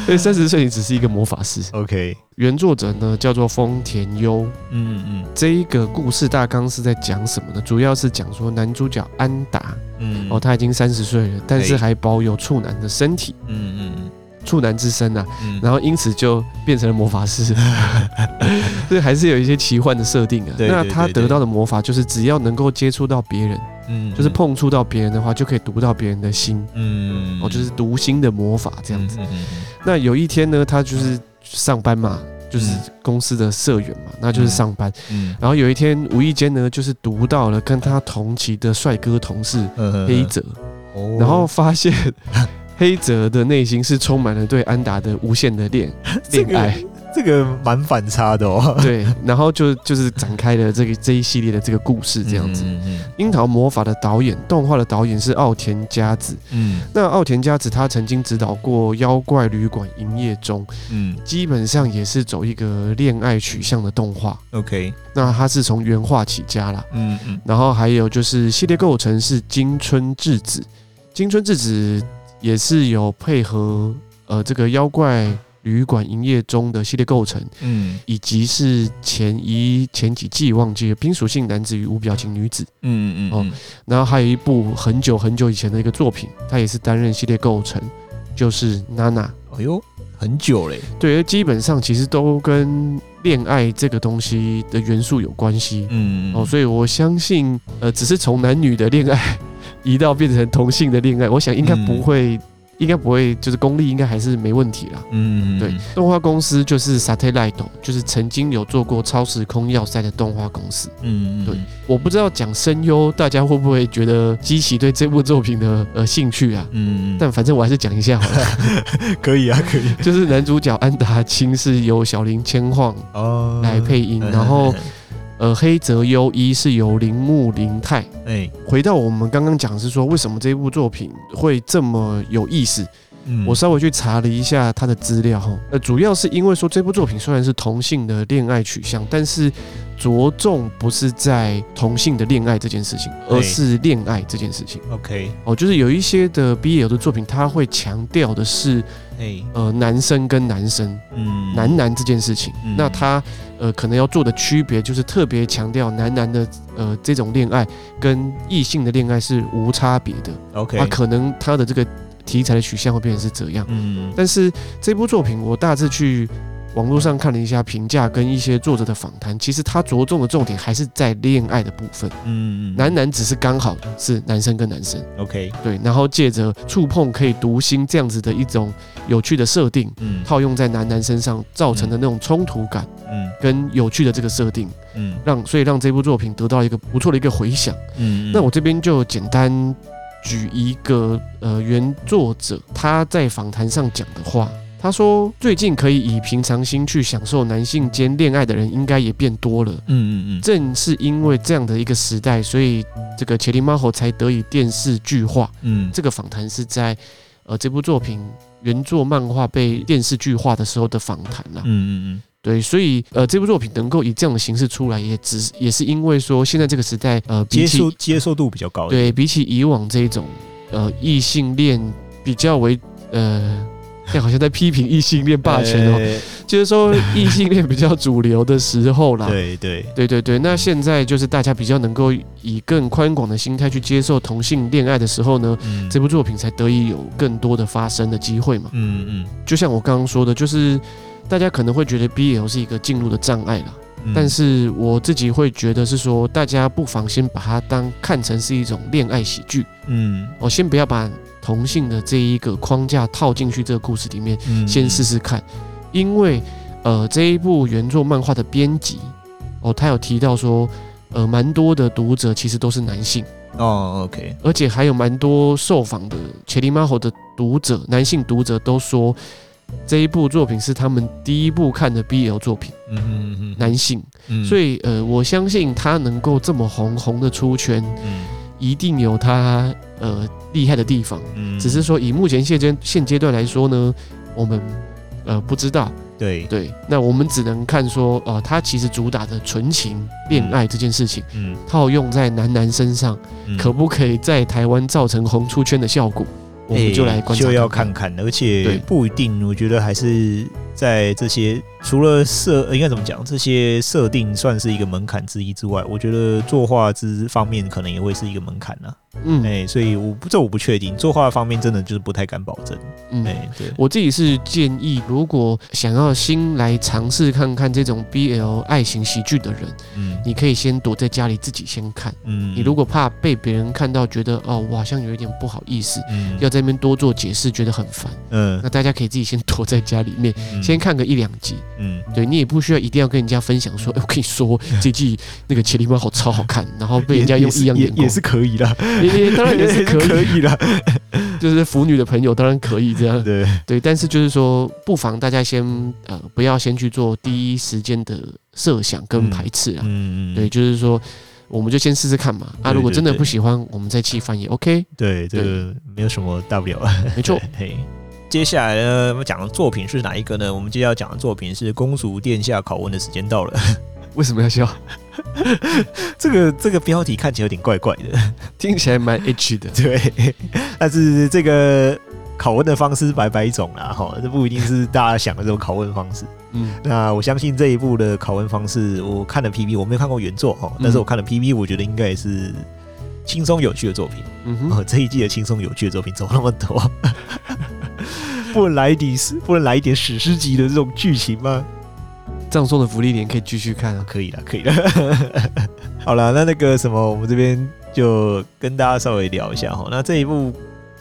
對，三十歲你只是一個魔法師。O K。原作者呢，叫做豐田悠，嗯嗯，這一個故事大綱是在講什麼呢？主要是講說男主角安達，嗯哦，他已經三十歲了，但是還保有處男的身體，嗯嗯，處男之身吶、啊嗯，然後因此就變成了魔法師，嗯、 (laughs) 所以還是有一些奇幻的設定啊。 (laughs) 那他得到的魔法就是只要能夠接觸到別人嗯，嗯，就是碰觸到別人的話，就可以讀到別人的心，嗯，哦，就是讀心的魔法這樣子。嗯嗯、那有一天呢，他就是。上班嘛，就是公司的社員嘛，嗯，那就是上班。嗯，然後有一天無意間呢，就是讀到了跟他同期的帥哥同事呵呵呵黑澤，然後發現，哦，黑澤的內心是充滿了對安達的無限的戀戀 (laughs) 愛。這個這個蠻反差的哦。對，然後就就是展開了這個這一系列的這個故事這樣子。嗯嗯嗯、櫻桃魔法的導演，動畫的導演是奧田佳子。嗯，那奧田佳子她曾經指導過《妖怪旅館營業中》。嗯，基本上也是走一個戀愛取向的動畫。OK，、嗯、那他是從原畫起家了。嗯嗯，然後還有就是系列構成是金春智子，金春智子也是有配合呃這個妖怪。旅館營業中的系列構成，嗯，以及是前一前幾季忘記了冰屬性男子與無表情女子，嗯嗯嗯，然後還有一部很久很久以前的一個作品，他也是擔任系列構成，就是娜娜，哎呦，很久嘞，對，基本上其實都跟戀愛這個東西的元素有關係，嗯哦，所以我相信，呃，只是從男女的戀愛移到變成同性的戀愛，我想應該不會。應該不會，就是功力應該還是沒問題啦。嗯,嗯，對，動畫公司就是 Satellite，就是曾經有做過《超時空要塞》的動畫公司。嗯,嗯，對，我不知道講聲優大家會不會覺得激起對這部作品的呃興趣啊？嗯,嗯，但反正我還是講一下好了。 (laughs) 可以啊，可以。就是男主角安達清是由小林千晃來配音，oh, 然後。呃，黑澤優一是由鈴木林太。哎、欸，回到我們剛剛講是說，為什麼這部作品會這麼有意思？我稍微去查了一下他的資料哈，呃，主要是因為說，這部作品雖然是同性的戀愛取向，但是着重不是在同性的戀愛這件事情，而是戀愛這件事情。OK，哦，就是有一些的 BL 的作品，他會強調的是，呃，男生跟男生，嗯，男男這件事情，那他呃可能要做的區別就是特別強調男男的呃這種戀愛跟異性的戀愛是無差別的。OK，啊，可能他的這個。題材的取向會變成是這樣，嗯，嗯，但是這部作品我大致去網絡上看了一下評價跟一些作者的訪談，其實他着重的重點還是在戀愛的部分，嗯嗯，男男只是剛好是男生跟男生，OK，對，然後借着觸碰可以讀心這樣子的一種有趣的設定，嗯，套用在男男身上造成的那種衝突感，嗯，跟有趣的這個設定，嗯，讓所以讓這部作品得到一個不錯的一個回響，嗯，嗯，那我這邊就簡單。舉一個呃，原作者他在訪談上講的話，他說：“最近可以以平常心去享受男性間戀愛的人，應該也變多了。嗯”嗯嗯嗯，正是因為這樣的一個時代，所以這個《チェリーマホ》才得以電視劇化。嗯，這個訪談是在呃這部作品原作漫畫被電視劇化的時候的訪談了。嗯嗯嗯。嗯。對，所以呃，這部作品能夠以這樣的形式出來，也只也是因為說現在這個時代，呃，比起接受接受度比較高。對，比起以往這一種，呃，異性戀比較為呃、哎，好像在批評異性戀霸權哦、哎，就是說異性戀比較主流的時候啦。對對對對對，那現在就是大家比較能夠以更寬廣的心態去接受同性戀愛的時候呢，嗯、這部作品才得以有更多的發聲的機會嘛。嗯嗯，就像我剛剛說的，就是。大家可能會覺得 BL 是一個進入的障礙了，嗯，但是我自己會覺得是說，大家不妨先把它當看成是一種戀愛喜劇。嗯，我先不要把同性的這一個框架套進去這個故事裡面，嗯，先試試看。因為，呃，這一部原作漫畫的編輯，哦，呃，他有提到說，呃，蠻多的讀者其實都是男性。哦，OK，而且還有蠻多受訪的《Cherimaho》的讀者，男性讀者都說。這一部作品是他們第一部看的 BL 作品，嗯嗯，男性，所以呃，我相信他能夠這麼紅，紅的出圈，嗯，一定有他呃厲害的地方，只是說以目前現階現階段來說呢，我們呃不知道，對對，那我們只能看說啊、呃，他其實主打的純情戀愛這件事情，嗯，套用在男男身上，可不可以在台灣造成紅出圈的效果？我們就來就要看看，而且不一定，我覺得還是。在這些除了設應該怎麼講，這些設定算是一個門檻之一之外，我覺得作畫之方面可能也會是一個門檻吶、啊。嗯，哎、欸，所以我不這我不確定作畫方面真的就是不太敢保證。嗯、欸，對，我自己是建議，如果想要先來嘗試看看這種 BL 愛情喜劇的人，嗯，你可以先躲在家裡自己先看。嗯，你如果怕被別人看到覺得哦哇，好像有一點不好意思，嗯，要在那邊多做解釋覺得很煩，嗯，那大家可以自己先躲在家裡面。先看個一兩集，嗯，對，你也不需要一定要跟人家分享說，哎、嗯，我跟你說，這季那個《麒麟貓》好超好看，然後被人家用異樣眼光，也是可以的，也當然也是可以的，就是腐女的朋友當然可以這樣，對，對，但是就是說，不妨大家先呃，不要先去做第一時間的設想跟排斥啊，嗯嗯，嗯，對，就是說，我們就先試試看嘛，對對對，啊，如果真的不喜歡，我們再棄番也 OK，對，對，對，對，這個沒有什麼大不了，沒錯，嘿。接下來呢，我們講的作品是哪一個呢？我們接下來要講的作品是《公主殿下》拷問的時間到了。為什麼要笑？ (laughs) 這個這個標題看起來有點怪怪的，聽起來蠻 H 的，對。但是這個拷問的方式，百百種啦，哈，這不一定是大家想的這種拷問方式。 (laughs) 嗯，那我相信這一部的拷問方式，我看了 P V，我沒有看過原作哦，但是我看了 P V，我覺得應該也是輕鬆有趣的作品。嗯哼，這一季的輕鬆有趣的作品，怎麼那麼多？不能，不能來一點史不能來一點史詩級的這種劇情嗎？葬送的芙莉蓮可以繼續看。啊，可以了，可以了。 (laughs) 好了，那那個什麼，我們這邊就跟大家稍微聊一下哈、嗯。那這一部《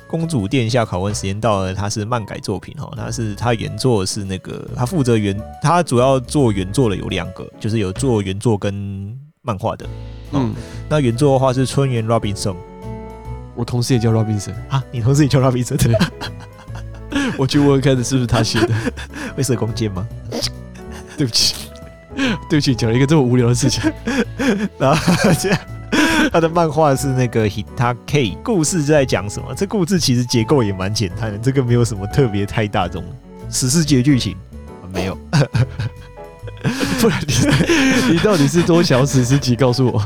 公主殿下拷問時間到了》它，它是漫改作品哈，它是它原作是那個，它負責原它主要做原作的有兩個，就是有做原作跟漫畫的。嗯、哦，那原作的話是春園 Robinson，我同事也叫 Robinson 啊，你同事也叫 Robinson 我去問，看的是不是他寫的、啊？會射弓箭嗎？對不起，對不起，講了一個這麼無聊的事情。 (laughs) 然後， (laughs) (laughs) 他的漫畫是那個 h i t a k i，故事在講什麼？這故事其實結構也蠻簡單的，這個沒有什麼特別太大眾史詩級的劇情、啊，沒有。 (laughs) (laughs) 你到底是多小？史詩級？告訴我。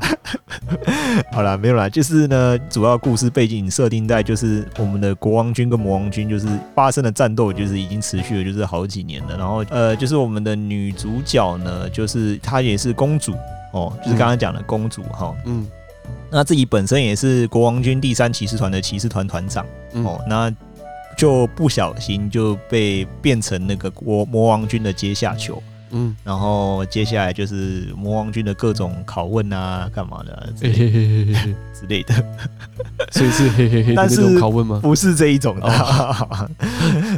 (laughs) 好了，沒有了。就是呢，主要故事背景設定在就是我們的國王軍跟魔王軍就是發生的戰鬥，就是已經持續了就是好幾年了。然後呃，就是我們的女主角呢，就是她也是公主哦，就是剛剛講的公主哈、嗯哦。嗯。那自己本身也是國王軍第三騎士團的騎士團團長、嗯、哦，那就不小心就被變成那個國魔王軍的階下囚。嗯，然後接下來就是魔王軍的各種拷問啊，幹嘛的、啊之，類欸、嘿嘿嘿嘿之類的，之類的，所以是，但 (laughs) 是拷問嗎？不是這一種的、哦。哦、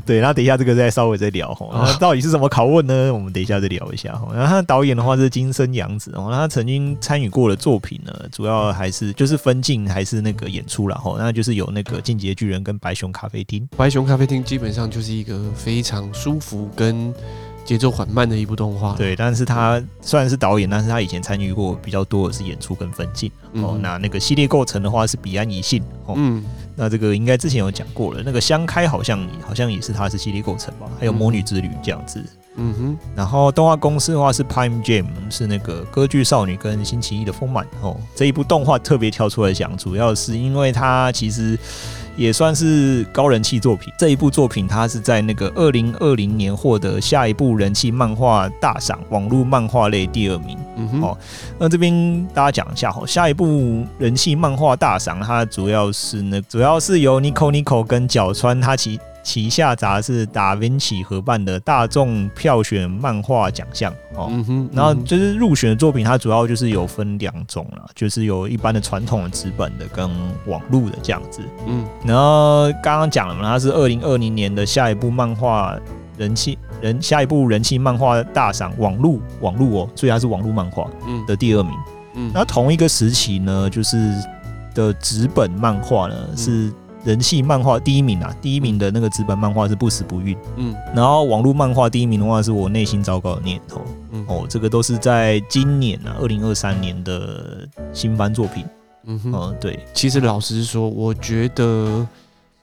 對，那等一下這個再稍微再聊哈。哦、那到底是什麼拷問呢？我們等一下再聊一下哈。那、哦哦、他導演的話是金森陽子哦。那他曾經參與過的作品呢，主要還是就是分鏡還是那個演出然哈。那就是有那個進擊的巨人跟白熊咖啡廳。白熊咖啡廳基本上就是一個非常舒服跟。節奏緩慢的一部動畫，對，但是他雖然是導演，但是他以前參與過比較多的是演出跟分鏡，嗯。哦，那那個系列構成的話是《彼岸異信，哦，嗯，那這個應該之前有講過了。那個《香開》好像好像也是他是系列構成吧？還有《魔女之旅》這樣子，嗯哼。嗯哼然後動畫公司的話是 Pine Jam 是那個《歌劇少女》跟《星期一的豐滿》哦。這一部動畫特別跳出來講，主要是因為他其實。也算是高人氣作品。這一部作品，它是在那個二零二零年獲得下一部人氣漫畫大賞網絡漫畫類第二名。嗯哼，好、哦，那這邊大家講一下哈，下一部人氣漫畫大賞，它主要是那主要是由 Nico Nico 跟角川他其。旗下雜誌達文西合辦的大眾票選漫畫獎項哦，然後就是入選的作品，它主要就是有分兩種了，就是有一般的傳統的紙本的跟網絡的這樣子。嗯，然後剛剛講了嘛，它是二零二零年的下一部漫畫人氣人下一部人氣漫畫大賞網絡網絡哦，所以它是網絡漫畫的第二名嗯。嗯，那同一個時期呢，就是的紙本漫畫呢、嗯、是。人氣漫畫第一名啊，第一名的那個紙本漫畫是《不死不幸》，嗯，然後網絡漫畫第一名的話是我內心糟糕的念頭、哦，嗯哦，這個都是在今年啊，二零二三年的新番作品，嗯哼嗯，對，其實老實說，我覺得。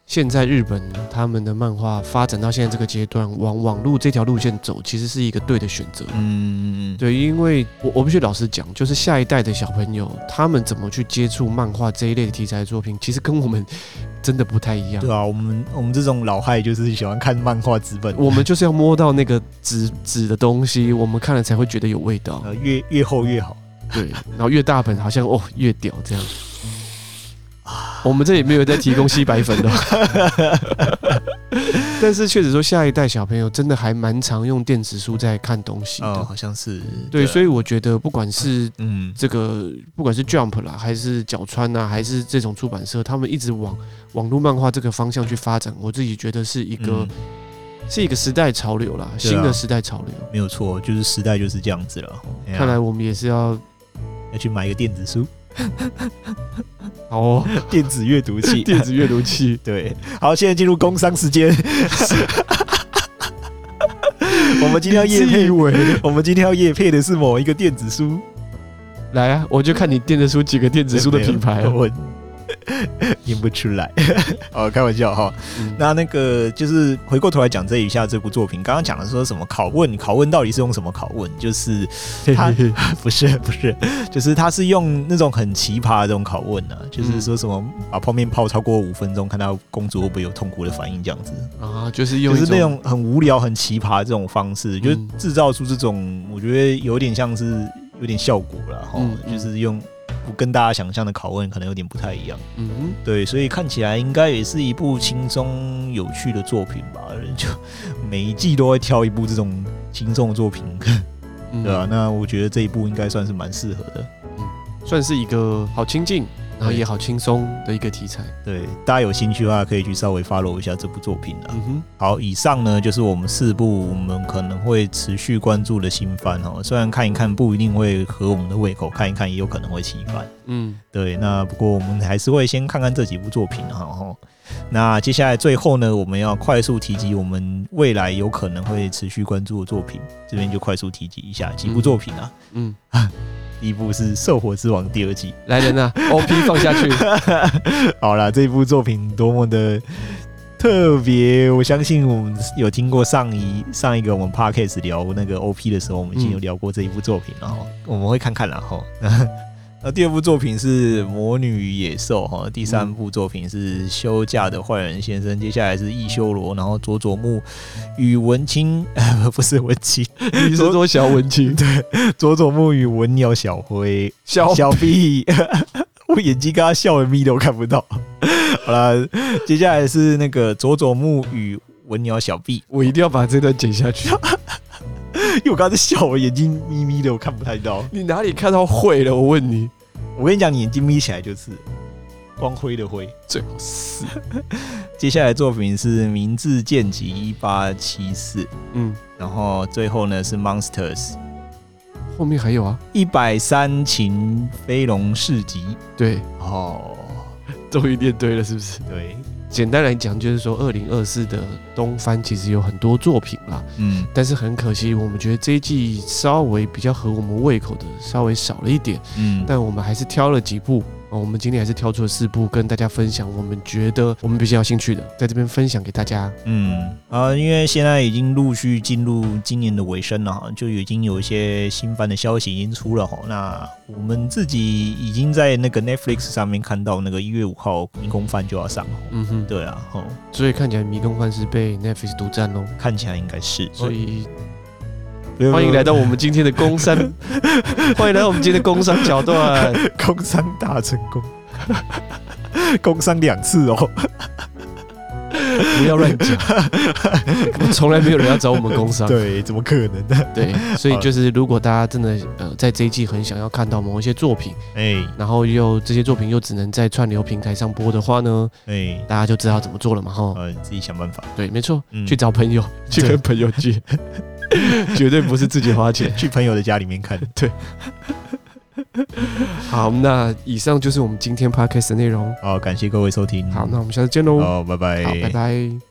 現在日本他們的漫畫發展到現在這個階段，往網路這條路線走，其實是一個對的選擇。嗯，對，因為我我必須老實講，就是下一代的小朋友，他們怎麼去接觸漫畫這一類的題材作品，其實跟我們真的不太一樣。對啊，我們我們這種老害就是喜歡看漫畫紙本， (laughs) 我們就是要摸到那個紙紙的東西，我們看了才會覺得有味道。呃，越越厚越好， (laughs) 對。然後越大本好像哦越屌這樣。 (laughs) 我們這裡沒有在提供吸白粉的 (laughs) (laughs) (laughs) 但是確實說，下一代小朋友真的還蠻常用電子書在看東西哦好像是，嗯。對，所以我覺得不管是嗯這個嗯，不管是 Jump 啦，還是角川啦，啊，還是這種出版社，他們一直往網絡漫畫這個方向去發展，我自己覺得是一個、嗯、是一個時代潮流啦，啊，新的時代潮流。沒有錯，就是時代就是這樣子了。啊，看來我們也是要要去買一個電子書。哦， (laughs) 電子閱閱讀器， (laughs) 電子閱閱讀器， (laughs) 對，好，現在進入工商時間。 (laughs) (laughs) (laughs) (laughs) (laughs) (laughs) 我們今天要業配為， (laughs) 我們今天要業配的是某一個電子書， (laughs) 來啊，我就看你電子書，幾個電子書的品牌。 (laughs) 聽不出來， (laughs) 哦，開玩笑哈、哦嗯。那那個就是回過頭來講這一下這部作品，剛剛講的說什麼拷問？拷問到底是用什麼拷問？就是他 (laughs) 不是不是，就是他是用那種很奇葩的這種拷問呢、啊？就是說什麼把泡麵泡超過五分鐘，看到公主會不會有痛苦的反應這樣子啊？就是用就是那種很無聊、很奇葩的這種方式，就制造出這種，我覺得有點像是有點效果了哈、哦嗯。就是用。跟大家想象的拷問可能有點不太一樣，嗯，嗯，對，所以看起來應該也是一部輕鬆有趣的作品吧？就每一季都會挑一部這種輕鬆的作品。嗯， (laughs) 對啊，那我覺得這一部應該算是蠻適合的。嗯，算是一個好親近。然後也好輕鬆的一個題材，對，對，大家有興趣的話，可以去稍微 follow 一下這部作品了。嗯哼，好，以上呢就是我們四部我們可能會持續關注的新番哦，雖然看一看不一定會合我們的胃口，看一看也有可能會棄番。嗯，對，那不過我們還是會先看看這幾部作品，那接下來最後呢，我們要快速提及我們未來有可能會持續關注的作品，這邊就快速提及一下幾部作品啊。嗯， (laughs) 第一部是《狩火之王》第二季，來人吶、啊、，OP 放下去。 (laughs) 好啦，這一部作品多麼的特別，我相信我們有聽過上一上一個我們 Podcast 聊那個 OP 的時候，我們已經有聊過這一部作品了，我們會看看然後。 (laughs) 第二部作品是《魔女與野獸》哈，第三部作品是《休假的壞人先生》，接下來是《異修羅》，然後佐佐木與文青，呃， (laughs) 不是文青，你 (laughs) 說說小文青？對，佐佐木與文鳥小輝、小 B， (laughs) 我眼睛剛剛笑的眯都看不到。好了，接下來是那個佐佐木與文鳥小 B，我一定要把這段剪下去， (laughs) 因為我剛剛在笑，我眼睛眯眯的，我看不太到。你哪裡看到會了？我問你。我跟你講，你眼睛眯起來就是光輝的輝，最好是。 (laughs) 接下來作品是《明治擊劍一八七四》，嗯，然後最後呢是《Monsters》，後面還有啊，《一百三情飛龍侍極》。對，哦，終於念對了，是不是？對。簡單來講，就是說，二零二四的冬番其實有很多作品啦。嗯，但是很可惜，我們覺得這一季稍微比較合我們胃口的稍微少了一點，嗯，但我們還是挑了幾部。哦，我們今天還是挑出了四部跟大家分享，我們覺得我們比較有興趣的，在這邊分享給大家。嗯，啊、呃，因為現在已經陸續進入今年的尾聲了哈，就已經有一些新番的消息已經出了哈。那我們自己已經在那個 Netflix 上面看到，那個一月五號迷宮飯就要上了。嗯哼，對啊哈、嗯，所以看起來迷宮飯是被 Netflix 獨占嘍。看起來應該是，所以。歡迎來到我們今天的工商， (laughs) 歡迎來到我們今天的工商橋段， (laughs) 工商大成功， (laughs) 工商兩次哦，不要亂講，從 (laughs) (laughs) 來沒有人要找我們工商，對，怎麼可能呢？對，所以就是如果大家真的呃在這一季很想要看到某一些作品，哎、欸，然後又這些作品又只能在串流平台上播的話呢，哎、欸，大家就知道怎麼做了嘛，哈，呃、嗯，自己想辦法，對，沒錯，去找朋友，嗯、去跟朋友借。絕對不是自己花錢 (laughs) 去朋友的家裡面看，對。好，那以上就是我們今天 Podcast 的內容。好，感謝各位收聽。好，那我們下次見嘍。好，拜拜。好，拜拜。